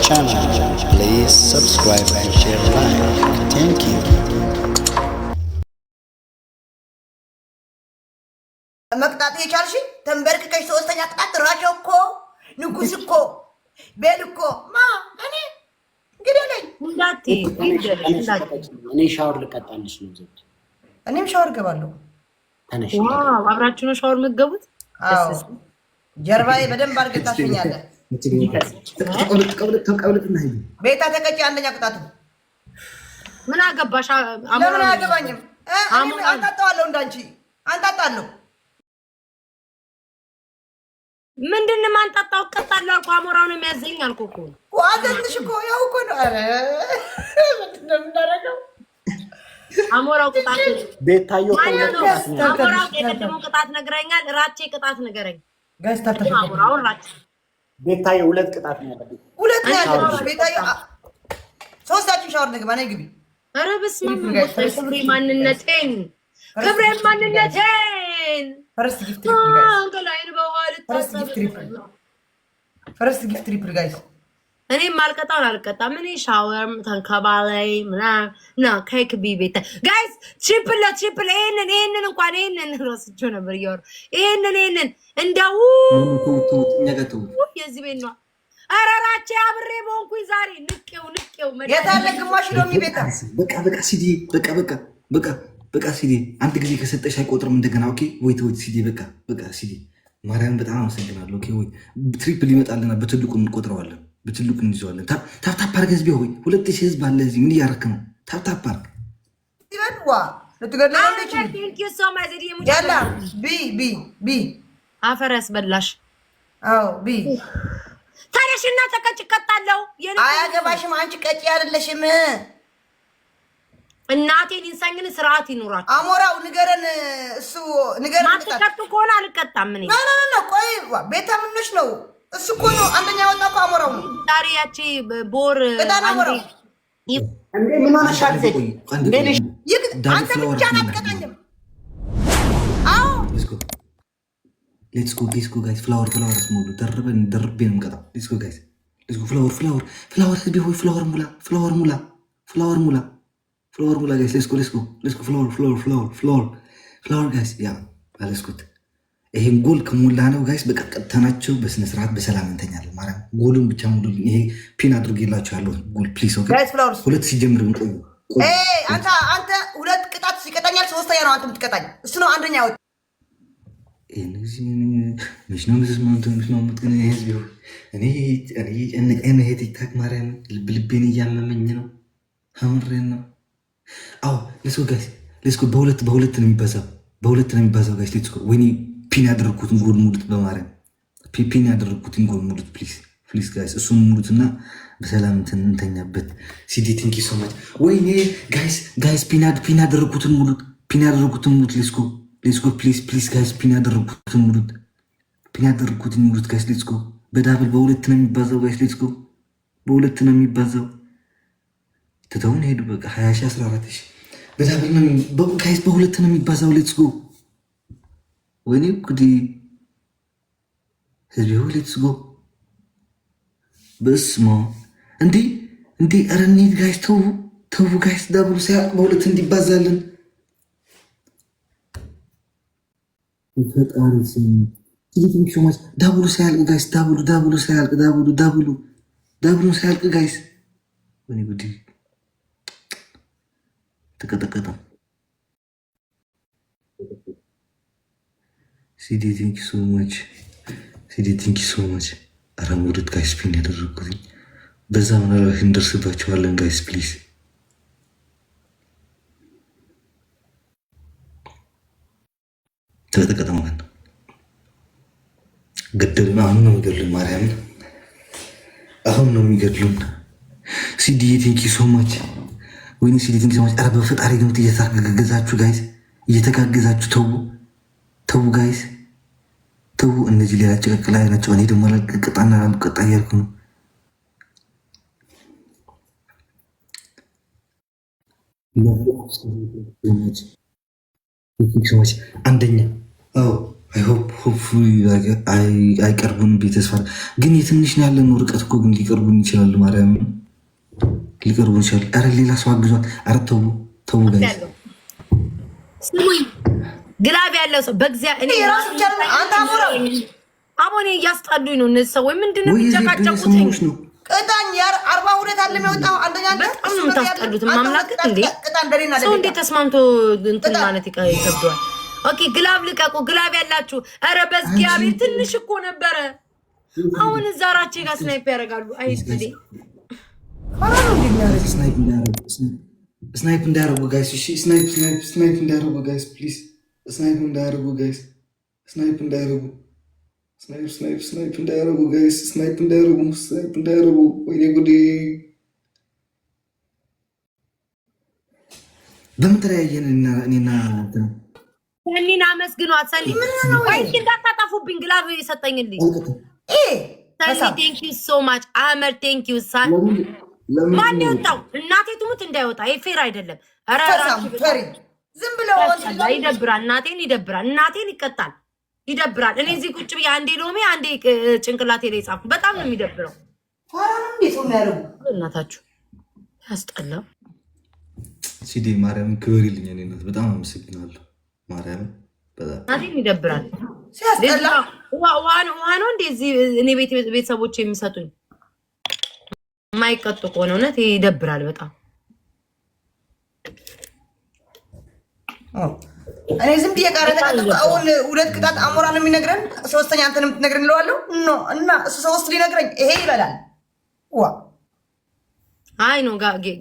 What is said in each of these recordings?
channel. Please subscribe and share like. Thank you. መቅጣት የቻልሽ ተንበርክከሽ ሶስተኛ ቅጣት ራቸው እኮ ንጉስ እኮ ቤል እኮ ማ እኔ ግደለኝ እኔ ሻወር ልቀጣልሽ ነው ዘድ እኔም ሻወር ገባለሁ። አብራችሁ ነው ሻወር የምትገቡት? ጀርባዬ በደንብ አድርገህ ታሸኛለህ። ቤታ ተቀጭ። አንደኛ ቅጣቱ ምን አገባሽ? ለምን አያገባኝም። አንጣጣዋለሁ፣ እንዳንቺ አንጣጣለሁ። ምንድን ነው የማንጣጣው? እቀጣለሁ አልኩ። አሞራው ነው የሚያዘኝ አልኩ እኮ አዘዝሽ እኮ ያው እኮ ነው። ኧረ ምንድን ነው የምናደርገው? አሞራው ቅጣት ቤታዮ አሞራው የቀደመው ቅጣት ነግረኛል። እራቼ ቅጣት ንገረኝ። አሞራው እራቼ ቤታዬ ሁለት ቅጣት ነው ያለብኝ። ሁለት ነው ያለብኝ ቤታዬ። ሶስታችን ሻወር ንግባ ነይ ግቢ። ኧረ በስመ አብ! ክብሬ ማንነቴን ክብሬ ማንነቴን ፈርስት ጊፍት ትሪፕ ጋይስ እኔ ማልቀጣውን አልቀጣም። እኔ ሻወር ተንከባላይ ምና ና ኬክ ቢቤተ ጋይስ ትሪፕል ለትሪፕል ይሄንን ይሄንን እንኳን ይሄንን ረስቼው ነበር እያወሩ ይሄንን ይሄንን እንደው የዚህ ቤት ነው። ኧረ እራቼ አብሬ በሆንኩኝ ዛሬ ንቄው ንቄው የታለ ግማሽ ነው የሚቤታ በቃ በቃ ሲዲ በቃ በቃ በቃ በቃ ሲዲ አንድ ጊዜ ከሰጠሽ አይቆጥርም እንደገና። ኦኬ ወይ ወይት ሲዲ በቃ በቃ ሲዲ ማርያም በጣም አመሰግናለሁ። ኦኬ ወይ ትሪፕል ይመጣልና በትልቁ እንቆጥረዋለን በትልቁ እንይዘዋለን። ታፕታፕ አድርግ ህዝቤ ሆይ፣ ሁለት ሺህ ህዝብ አለ እዚህ። ምን እያረክ ነው? ታፕታፕ አድርግ አፈር ያስበላሽ። ታዲያሽና ተቀጭ ቀጣለው። አያገባሽም። አንቺ ቀጭ አይደለሽም። እናቴን ኢንሳኝን ስርዓት ይኑራል። አሞራው ንገረን፣ እሱ ንገረን። ማትቀጡ ከሆነ አልቀጣም። ምን ቆይ ቤታ ምኖች ነው እሱ እኮ ነው አንደኛ ወጣ እኮ አሞራው ነው። ዛሬ ያቺ ቦር እጣን አሞራው ምን ሆነሻል? አንተ ብቻ አትቀጣኝም። አዎ ሌትስ ጎ ሌትስ ጎ ጋይስ ፍላወር ፍላወር ስሞሉ ደርበን ደርቤ ነው የምቀጣው። ሌትስ ጎ ጋይስ ሌትስ ጎ ፍላወር ፍላወር ፍላወር ህዝቤ ሆይ ፍላወር ሙላ ፍላወር ሙላ ፍላወር ሙላ ፍላወር ሙላ ጋይስ ሌትስ ጎ ሌትስ ጎ ሌትስ ጎ ፍላወር ፍላወር ፍላወር ፍላወር ፍላወር ጋይስ ያ አለስኩት ይሄን ጎል ከሞላ ነው ጋይስ በቃ ቀጥተናቸው በስነስርዓት በሰላም እንተኛለን። ማርያም ጎሉን ብቻ ሙሉ ይሄ ፒን አድርጌላቸው ያለሁት ጎል ፕሊስ። ሁለት ሲጀምር እንቆዩ። አንተ ሁለት ቅጣት ይቀጣኛል። ሶስተኛ ነው አንተ የምትቀጣኝ እሱ ነው አንደኛ ወጥ ቲክታክ ማርያም ልብልቤን እያመመኝ ነው። ሀምሬን ነው። አዎ ለስጎ ጋይስ ለስጎ በሁለት በሁለት ነው የሚበዛው በሁለት ነው የሚበዛው ጋይስ ሌትስጎ ወይኔ ፒን ያደረግኩትን ጎድ ሙሉት፣ በማርያም ፒን ያደረግኩትን ጎድ ሙሉት ፕሊዝ ፕሊዝ ጋይስ እሱን ሙሉትና በሰላም እንተኛበት። ሲዲ ቲንኪ ሶማች ወይኔ ጋይስ ጋይስ ፒናድ ፒና ያደረግኩትን ሙሉት ፒን ያደረግኩትን ሙሉት። ሌስኮ ሌስኮ ፕሊዝ ፕሊዝ ጋይስ ፒን ያደረግኩትን ሙሉት ፒን ያደረግኩትን ሙሉት ጋይስ ሌስኮ። በዳብል በሁለት ነው የሚባዛው ጋይስ ሌስኮ፣ በሁለት ነው የሚባዛው። ትተውን ሄዱ በቃ ሀያ ሺ አስራ አራት ሺ በዳብል ጋይስ በሁለት ነው የሚባዛው ሌስኮ ወይኔ ጉዴ! ህዝቤ ሌትስ ጎ በስማ እንዴ እንዴ! ኧረ ጋይስ፣ ተው ተው ጋይስ፣ ዳብሉ ሳያቅ በሁለት እንዲባዛልን ፈጣሪ ስሚሾማች ዳብሉ ሳያልቅ ጋይስ፣ ዳብሉ ዳብሉ ሳያልቅ ዳብሉ ዳብሉ ዳብሉ ሳያልቅ ጋይስ፣ ወይኔ ጉዴ! ተቀጠቀጠ። ሲዲ ቲንክ ሶ ማች ሲዲ ቲንክ ሶ ማች። አረ መውደድ ጋይስ ፒን ያደረግኩትኝ በዛ ምናልባት እንደርስባቸዋለን ጋይስ ፕሊዝ። ተጠቀጠማን ገደሉን። አሁን ነው የሚገድሉን፣ ማርያምን አሁን ነው የሚገድሉን። ሲዲ ቲንክ ሶ ማች ወይኔ ሲዲ ቲንክ ሶ ማች። አረ በፈጣሪ ግምት እየተጋገዛችሁ ጋይስ እየተጋገዛችሁ ተው ተዉ ጋይስ ተዉ። እነዚህ ሌላ ጭቅቅ ላይ ናቸው። እኔ ደግሞ ቅጣና ቅጣ እያልኩ ነው። ሰዎች አንደኛ አይቀርቡን ቤተስፋ ግን የትንሽ ነው ያለነው ርቀት እኮ ግን ሊቀርቡን ይችላሉ። ማርያም ሊቀርቡን ይችላሉ። ኧረ ሌላ ሰው አግዟት። ኧረ ተው ተዉ ጋይስ ግላብ ያለው ሰው በእግዚአብሔር እኔ ራሱ አሞኔ እያስጣሉኝ ነው እነዚህ ሰዎች። ምንድን ነው የሚጨቃጨቁት? ቅጣኝ ያር አርባ ሁለት አለ የሚወጣው አንደኛ አለ በጣም ነው የምታስጠሉት። ማምላክ እንዴ ሰው እንዴ ተስማምቶ እንትን ማለት ይከብደዋል። ኦኬ ግላብ ልቀቁ፣ ግላብ ያላችሁ። ኧረ በእግዚአብሔር ትንሽ እኮ ነበረ። አሁን እዛ ራቼ ጋር ስናይፕ ያደርጋሉ። አይስ እንዴ ስናይፕ እንዳያደርጉ ጋይስ፣ ስናይፕ ስናይፕ ስናይፕ እንዳያደርጉ ጋይስ ፕሊዝ ስናይፕ እንዳያደርጉ ጋይስ፣ ስናይፕ እንዳያደርጉ፣ ስናይፕ ስናይፕ ስናይፕ እንዳያደርጉ ጋይስ፣ ስናይፕ እንዳያደርጉ፣ ስናይፕ እንዳያደርጉ። ወይኔ ጉዴ! በምን ተለያየን? እኔና ሰኒን አመስግኗት። ሰኒ ምን ነው ወይስ እንዳታጠፉብኝ ግላብ የሰጠኝልኝ ሰኒ ቴንክ ዩ ሶ ማች አመር ቴንክ ዩ ሳ ማን የወጣው እናቴ ትሙት እንዳይወጣ ይሄ ፌር አይደለም። ኧረ ፈሪ ዝም ብለው ይደብራል። እናቴን ይደብራል። እናቴን ይቀጣል። ይደብራል። እኔ እዚህ ቁጭ ብዬ አንዴ ሎሜ አንዴ ጭንቅላቴ ላይ ጻፍኩ። በጣም ነው የሚደብረው። እናታችሁ ያስጠላው። ሲዲ ማርያም ክብር ይልኝ። እኔ እናት በጣም አመሰግናለሁ። ማርያም በጣም እናቴን ይደብራል። ዋኖ እንዴ እዚህ እኔ ቤተሰቦች የሚሰጡኝ የማይቀጡ ከሆነ እውነት ይደብራል በጣም እኔ ዝም ብዬ ቃረ አሁን ሁለት ቅጣት አሞራ ነው የሚነግረን፣ ሶስተኛ አንተን የምትነግረን እለዋለሁ። ኖ እና እሱ ሶስት ሊነግረኝ ይሄ ይበላል። ዋ አይ ኖ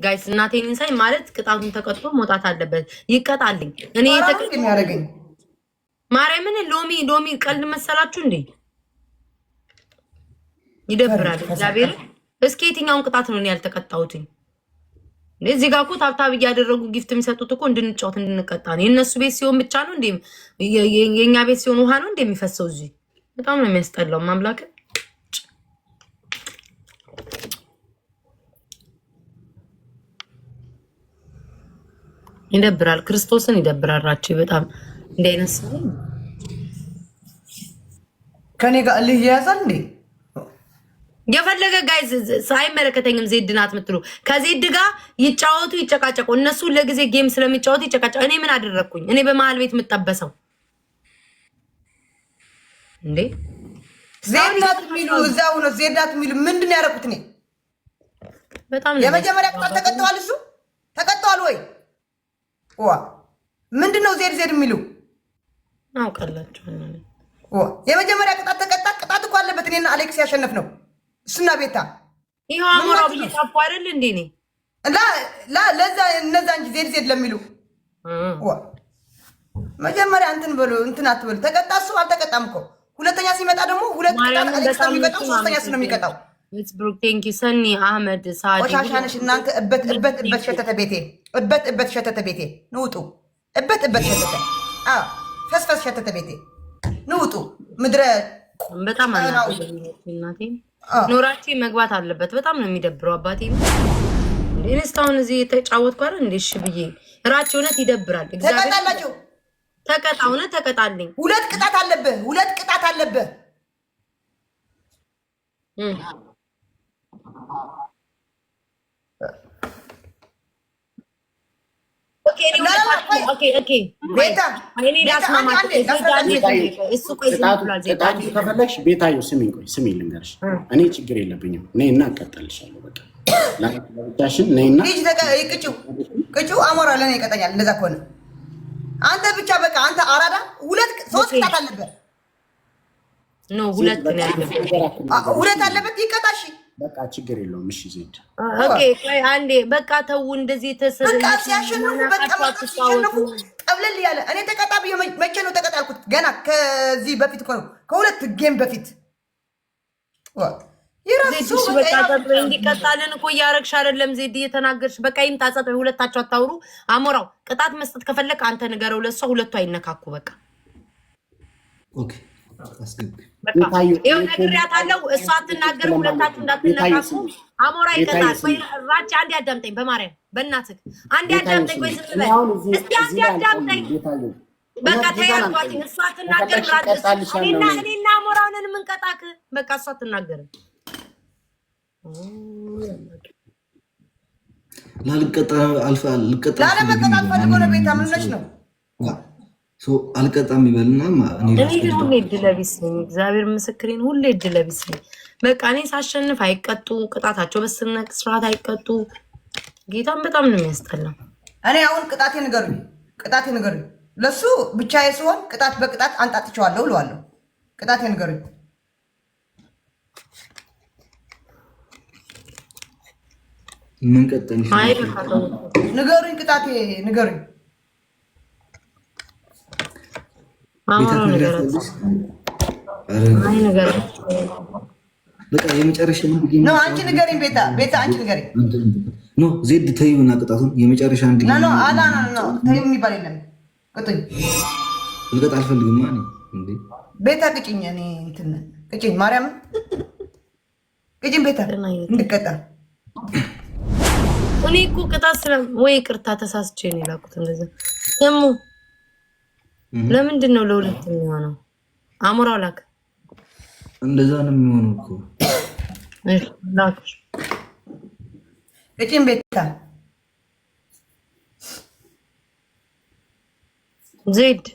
ጋይስ፣ እናቴን ንሳይ ማለት ቅጣቱን ተቀጥቶ መውጣት አለበት። ይቀጣልኝ እኔ የሚያደርገኝ ማርያምን ሎሚ ሎሚ ቀልድ መሰላችሁ እንዴ? ይደብራል እግዚአብሔር። እስኪ የትኛውን ቅጣት ነው እኔ ያልተቀጣሁትኝ? እዚህ ጋር እኮ ታብታብ እያደረጉ ጊፍት የሚሰጡት እኮ እንድንጫወት እንድንቀጣ ነው። የእነሱ ቤት ሲሆን ብቻ ነው እንዴ? የእኛ ቤት ሲሆን ውሃ ነው እንዴ የሚፈሰው? እዚህ በጣም ነው የሚያስጠላው። ማምላክ ይደብራል። ክርስቶስን ይደብራል። ራቺ በጣም እንዲህ አይነት ሰው ከኔ ጋር ልህ ይያዛል እንዴ? የፈለገ ጋይዝ አይመለከተኝም። ዜድ ናት የምትሉ ከዜድ ጋር ይጫወቱ ይጨቃጨቁ። እነሱ ለጊዜ ጌም ስለሚጫወቱ ይጨቃጨቁ። እኔ ምን አደረግኩኝ? እኔ በመሀል ቤት የምጠበሰው እንዴ? ዜድ ናት የሚሉ እዛው ነው። ዜድ ናት የሚሉ ምንድን ነው ያደረኩት? እኔ በጣም የመጀመሪያ ቅጣት ተቀጠዋል። እሱ ተቀጠዋል ወይ ዋ ምንድን ነው ዜድ ዜድ የሚሉ አውቃላቸው። የመጀመሪያ ቅጣት ተቀጣ። ቅጣት እኮ አለበት። እኔና አሌክስ ያሸነፍ ነው እሱና ቤታ ይኸው አሞራው ብዬ ጻፍኩ አይደል እንዴ? እኔ ለዛ እነዛን ጊዜ ዜድ ለሚሉ መጀመሪያ እንትን በሉ እንትን አትበሉ። ተቀጣ እሱ አልተቀጣም እኮ ሁለተኛ ሲመጣ ደግሞ ሁለት ቅጣት ሚቀጣው ሶስተኛ ነው የሚቀጣው። አህመድ ቆሻሻነሽ እናንተ። እበት እበት እበት ሸተተ ቤቴ እበት እበት ሸተተ ቤቴ ንውጡ። እበት እበት ሸተተ ፈስፈስ ሸተተ ቤቴ ንውጡ። ምድረ በጣም ኖራችሁ መግባት አለበት። በጣም ነው የሚደብረው። አባቴ ኢንስታውን እዚህ የተጫወትኩ አይደል እንዴ? እሺ ብዬ ራች እውነት ይደብራል። ተቀጣላችሁ ተቀጣ፣ እውነት ተቀጣልኝ። ሁለት ቅጣት አለብህ፣ ሁለት ቅጣት አለብህ። ከፈለግሽ ቤታዮ ስሚኝ፣ ቆይ ስሚኝ ልንገርሽ። እኔ ችግር የለብኝም። ነይ እና እቀጠልሻለሁ። በቃ ለብቻሽን ነይ እና ቅጭው አሞራ ለእኔ ይቀጠኛል። እንደዛ ከሆነ አንተ ብቻ በቃ አንተ አራዳ ሁለት ሶስት ቅጣት አለበት። ሁለት አለበት ይቀጣሽ በቃ ችግር የለውም። እሺ ዜድ ኦኬ። ቆይ አንዴ በቃ ተው፣ እንደዚህ ተሰበቃ ሲያሸንፉ ጠብለል ያለ እኔ ተቀጣ ብዬ መቼ ነው ተቀጣልኩት? ገና ከዚህ በፊት እኮ ነው ከሁለት ጌም በፊት እንዲቀጣልን እኮ እያረግሽ አይደለም ዜድ እየተናገርሽ። በቃ ይምጣ ጸጥ፣ ሁለታቸው አታውሩ። አሞራው ቅጣት መስጠት ከፈለግ አንተ ንገረው ለእሷ፣ ሁለቱ አይነካኩ በቃ ነግሬያታለሁ። እሷ አትናገርም። ሁለታችሁ እንዳትነካኩ። አሞራ ይቀጣል። ራቼ አንዴ አዳምጠኝ፣ በማርያም በእናትህ አንዴ አዳምጠኝ። ወይ ዝም በል የምንቀጣክ በቃ እሷ አትናገርም። ላልቀጣ አልፈ ላለመቀጣት ፈልጎ ለቤት አምነች ነው አልቀጣም ይበልና እኔ ግን ነኝ። እግዚአብሔር ምስክሬን፣ ሁሌ ለቢስ ነኝ። በቃ እኔ ሳሸንፍ አይቀጡ፣ ቅጣታቸው በስነ ስርዓት አይቀጡ። ጌታን በጣም ነው የሚያስጠላው። እኔ አሁን ቅጣቴ ንገሩኝ፣ ቅጣቴ ንገሩኝ። ለሱ ብቻ ሲሆን ቅጣት በቅጣት አንጣጥቸዋለሁ እለዋለሁ። ቅጣቴ ንገሩኝ። ምን ቀጠል ንገሩኝ፣ ቅጣቴ ንገሩኝ። አንቺ ንገሪኝ ቤታ፣ ዜድ ተይው እና ቅጣቱን የመጨረሻ አንድ የሚባል የለም። ቅጡኝ ልቀጥ አልፈልግማ። ቤታ ቅጭኝ፣ እኔ እንትን ቅጭኝ፣ ማርያም ቅጭኝ፣ ቤታ እንድቀጣ እኔ እኮ ቅጣት ስለ ወይ ቅርታ ተሳስቼ ነው የላኩት እንደዚያ ደግሞ ለምንድን ነው ለሁለት የሚሆነው? አሞራው ላክ። እንደዛ ነው የሚሆነው እኮ ላክ። እጭን ቤታ ዜድ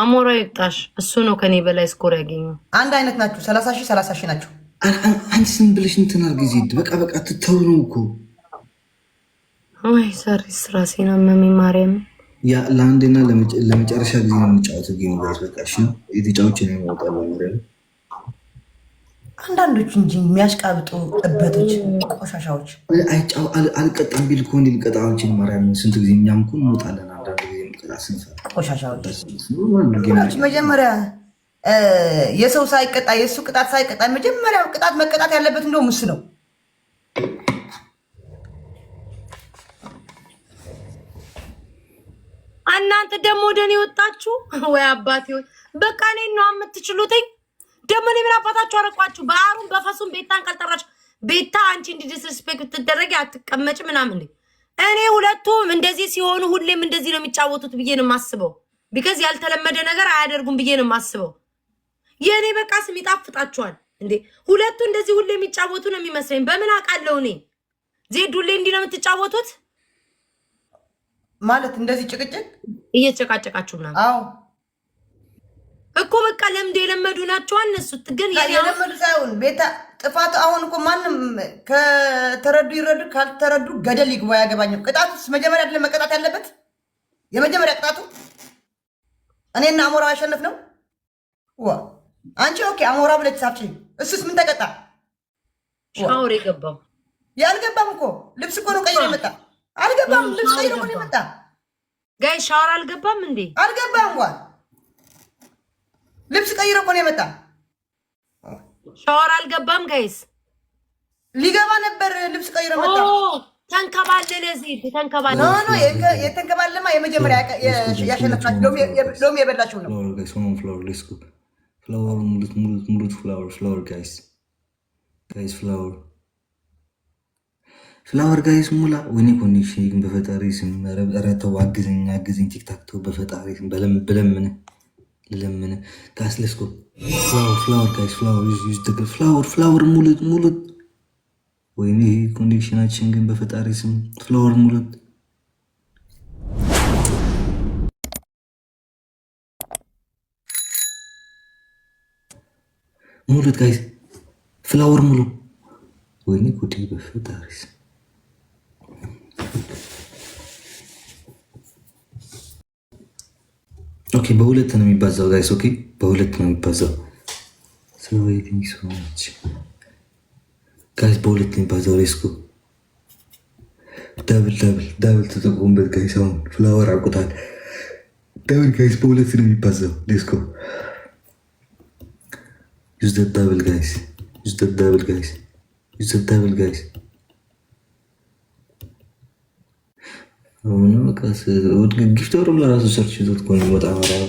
አሞራ ይጣሽ። እሱ ነው ከኔ በላይ ስኮር ያገኘው። አንድ አይነት ናቸው። ሰላሳ ሺህ ሰላሳ ሺህ ናቸው። አንቺ ስም ብለሽ እንትን አድርጊ ዜድ። በቃ በቃ ትተው ነው እኮ ወይ ሰሪ ስራ ሲና መሚ ለአንዴና ለመጨረሻ ጊዜ ነው የሚጫወተው ጌም ጋር በቃሽ። የተጫዎች ነው የሚወጣ በምረል አንዳንዶች እንጂ የሚያሽቃብጡ እበቶች፣ ቆሻሻዎች አልቀጣም ቢል ከሆን ልቀጣዎች ማርያምን ስንት ጊዜ እኛም እኮ እንወጣለን። አንዳንድ ጊዜ ቀጣ ቆሻሻዎች መጀመሪያ የሰው ሳይቀጣ የእሱ ቅጣት ሳይቀጣ መጀመሪያ ቅጣት መቀጣት ያለበት እንደውም እሱ ነው። እናንተ ደግሞ ወደ እኔ ወጣችሁ ወይ አባቴ ወይ በቃ እኔ ነው የምትችሉትኝ። ደግሞ እኔ ምን አባታችሁ አረቋችሁ? በአሩን በፈሱን ቤታን ካልጠራችሁ ቤታ አንቺ እንዲ ዲስሪስፔክት ትደረጊ አትቀመጭ ምናምን። እኔ ሁለቱም እንደዚህ ሲሆኑ ሁሌም እንደዚህ ነው የሚጫወቱት ብዬ ነው የማስበው። ቢከዝ ያልተለመደ ነገር አያደርጉም ብዬ ነው የማስበው። የእኔ በቃ ስም ይጣፍጣችኋል እንዴ? ሁለቱ እንደዚህ ሁሌ የሚጫወቱ ነው የሚመስለኝ። በምን አውቃለሁ እኔ ዜድ ሁሌ እንዲ ነው የምትጫወቱት ማለት እንደዚህ ጭቅጭቅ እየተጨቃጨቃችሁ ምናምን? አዎ እኮ በቃ ለምድ የለመዱ ናቸው። አነሱት ግን የለመዱ ሳይሆን ቤታ ጥፋቱ አሁን እኮ ማንም ከተረዱ ይረዱ፣ ካልተረዱ ገደል ይግባ። አያገባኝም። ቅጣቱስ መጀመሪያ አይደለም መቀጣት ያለበት? የመጀመሪያ ቅጣቱ እኔና አሞራ አሸነፍ ነው። አንቺ ኦኬ አሞራ ብለች ሳፍቺ። እሱስ ምን ተቀጣ? ሻወር የገባው ያልገባም እኮ ልብስ እኮ ነው ቀይሮ የመጣ አልገባም። ልብስ ቀይሮ ነው የመጣ ጋይ ሻወር አልገባም እንዴ? አልገባም። እንኳን ልብስ ቀይሮ ነው የመጣ ሻወር አልገባም። ጋይስ ሊገባ ነበር። ልብስ ቀይሮ መጣ። ተንከባለለ ዜድ ተንከባለ ኖ ኖ የተንከባለማ የመጀመሪያ ያሸነፍናችሁ ሎሚ የበላችሁ ነው። ፍላወር ሙሉት ሙሉት ሙሉት ፍላወር ፍላወር ጋይስ ጋይስ ፍላወር ፍላወር ጋይስ ሙላ ወይኔ ኮኔክሽን ግን በፈጣሪ ስም ረተው አግዘኝ አግዘኝ። ቲክታክ ተው በፈጣሪ ስም በለምነ ልለምነ ጋስ ለስኮ ፍላወር ፍላወር ጋይስ ፍላወር ፍላወር ፍላወር ሙሉት ሙሉት። ወይኔ ኮንዲሽናችን ግን በፈጣሪ ስም ፍላወር ሙሉት። ሙሉት ጋይስ ፍላወር ሙሉ ወይኔ ጉዴ በፈጣሪ ስም በሁለት ነው የሚባዛው። ጋይስ ኦኬ፣ በሁለት ነው የሚባዛው። ጋይስ በሁለት ነው የሚባዛው። ሬስኮ ዳብል ዳብል ዳብል ተጠቆሙበት ጋይስ። አሁን ፍላወር አቁታል። ዳብል ጋይስ በሁለት ነው የሚባዛው። ሌስኮ ዩዝ ዳብል ጋይስ፣ ዩዝ ዳብል ጋይስ፣ ዩዝ ዳብል ጋይስ ምንም ቀስ ለራሱ ሰርች ይዞት ኮኝ ወጣ ማራ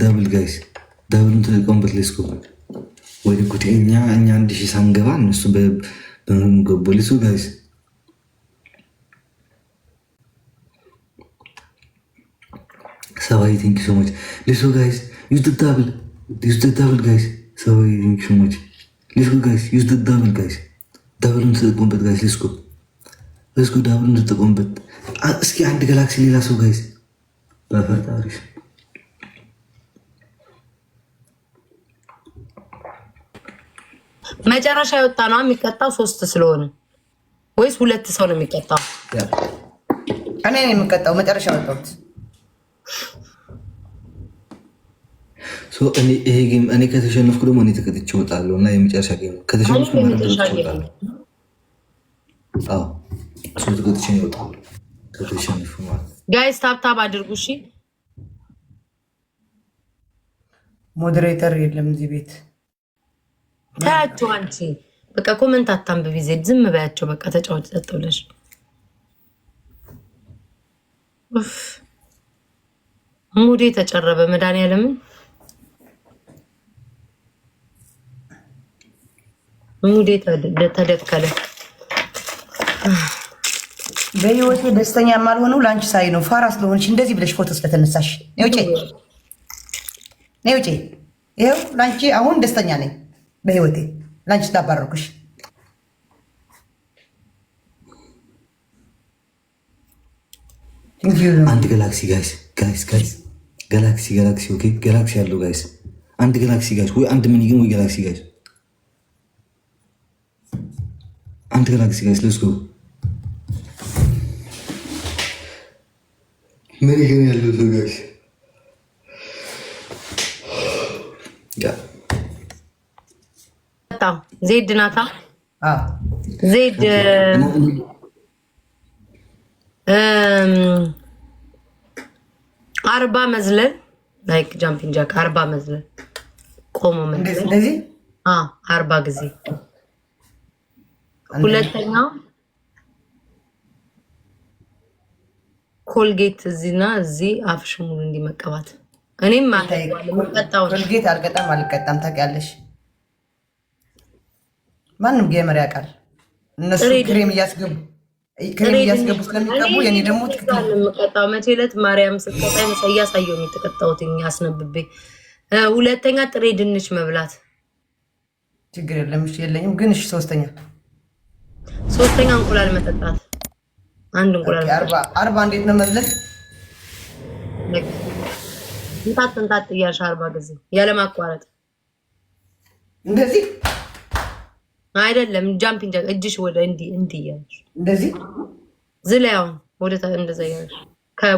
ዳብል ጋይስ ዳብል ተጠቀሙበት። ሌስኮ ወይ ጉድ! እኛ እኛ አንድ ሺህ ሳንገባ እነሱ በምን ገቡ? ጋይስ ሰባይ ቴንክ ዩ ሶ ጋይስ ዩዝ ዳብል ዩዝ ዳብል ጋይስ ሰባይ ቴንክ ዩ ሶ ጋይስ ዩዝ ዳብል ጋይስ ዳብሉን ተጠቀሙበት ጋይስ ሌስኮ በዚህ ጉዳይ ብሎ እስኪ አንድ ጋላክሲ ሌላ ሰው ጋይዝ በፈጣሪ መጨረሻ የወጣ ነው የሚቀጣው። ሶስት ስለሆነ ወይስ ሁለት ሰው ነው የሚቀጣው? እኔ ነው የሚቀጣው። መጨረሻ ወጣሁት። ይሄ ጌም እኔ ከተሸነፍኩ ደግሞ እኔ ተቀጥቼ እወጣለሁ እና የመጨረሻ ጌም ከተሸነፍኩ ሶስት ገጥቼ ይወጣል ጋይስ ታብታብ አድርጉ እሺ። ሞዴሬተር የለም እዚህ ቤት ታያቸው። አንቺ በቃ ኮመንት አታንብቢ ዜድ፣ ዝም በያቸው በቃ ተጫወች ጸጥ ብለሽ። ሙዴ ተጨረበ መድኃኒዓለምን ሙዴ ተደከለ። በህይወቴ ደስተኛ የማልሆነው ለአንቺ ሳይ ነው። ፋራ ስለሆንሽ እንደዚህ ብለሽ ፎቶ ስለተነሳሽ ውጭ ውጪ። ይኸው ለአንቺ አሁን ደስተኛ ነኝ በህይወቴ ለአንቺ ስላባረርኩሽ። አንድ ጋላክሲ ጋይስ ጋይስ ጋይስ ጋላክሲ ጋላክሲ ኦኬ ጋላክሲ ያለው ጋይስ አንድ ጋላክሲ ጋይስ ወይ አንድ ምን ወይ ጋላክሲ ጋይስ አንድ ጋላክሲ ጋይስ ለስጎ ምን ይህን ያለው ሰው ዜድ ናታ ዜድ አርባ መዝለል ላይክ ጃምፒንግ ጃክ አርባ መዝለል ቆሞ መዝለል አርባ ጊዜ ሁለተኛው ኮልጌት እዚህና እዚህ አፍሽ ሙሉ እንዲመቀባት እኔም ኮልጌት አልቀጣም አልቀጣም ታውቂያለሽ። ማንም ጌመር ያውቃል። እነሱ ክሬም እያስገቡ ክሬም እያስገቡ ስለሚቀቡ የኔ ደግሞ ትክክልምቀጣው መቼ ዕለት ማርያም ስቀጣ እያሳየው ነው የተቀጣሁት አስነብቤ። ሁለተኛ ጥሬ ድንች መብላት ችግር የለም የለኝም ግን። እሺ ሶስተኛ ሶስተኛ እንቁላል መጠጣት አንድ እንቁላል አርባ እንዴት ነው መብለት? እንታት እንታት እያልሽ አርባ ጊዜ ያለማቋረጥ እንደዚህ አይደለም። ጃምፒንግ እጅሽ ወደ እንዲ እንዲ እያልሽ እንደዚህ ዝለያው ወደ እንደዛ እያልሽ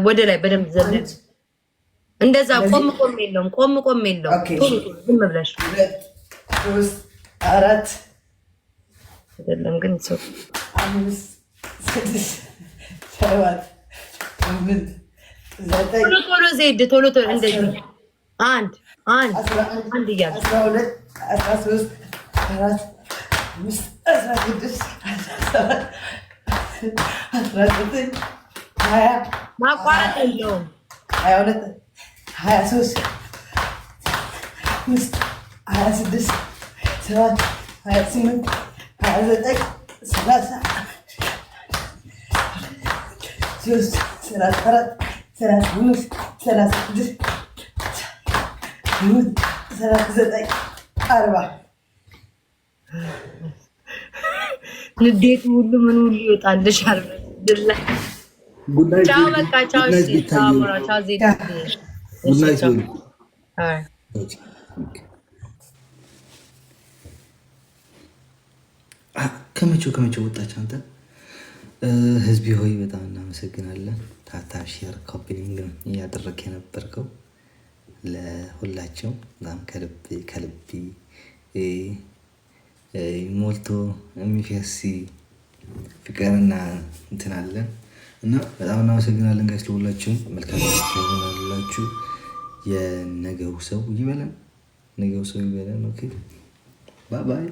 ወደ ላይ በደንብ ዘለት እንደዛ ቆም ቆም የለውም። ቆም ቆም የለውም። ዝም ብለሽ አራት አይደለም ግን ሰው አምስት ስድስት ቶሎ ቶሎ ዜድ ቶሎ ቶሎ እንደዚህ አንድ አንድ አንድ እያለ አስራ ሁለት አስራ ሶስት አራት አምስት አስራ ስድስት አስራ ሰባት አስራ ዘጠኝ ሀያ ማቋረጥ የለውም ሀያ ሁለት ሀያ ሶስት አምስት ሀያ ስድስት ሰባት ሀያ ስምንት ሀያ ዘጠኝ ሰላሳ Cüz, seras karat, seras buyur, seras cüz. Buyur, seras zetek, araba. ንዴት ሙሉ ምን ሁሉ ይወጣልሽ። አልበላ ቻው፣ በቃ ቻው። እሺ፣ ቻው፣ ሞራ ቻው። ዜድ አይ ከመቼው ከመቼው ወጣች አንተ ህዝቢ ሆይ በጣም እናመሰግናለን። ታታ ሼር ኮፒሊንግ እያደረግ የነበርከው ለሁላቸው በጣም ከልብ ከልብ ሞልቶ የሚፈስ ፍቅርና እንትን አለን እና በጣም እናመሰግናለን ጋ ለሁላችሁም መልካም ሆናላችሁ። የነገው ሰው ይበለን፣ ነገው ሰው ይበለን። ኦኬ ባይ ባይ።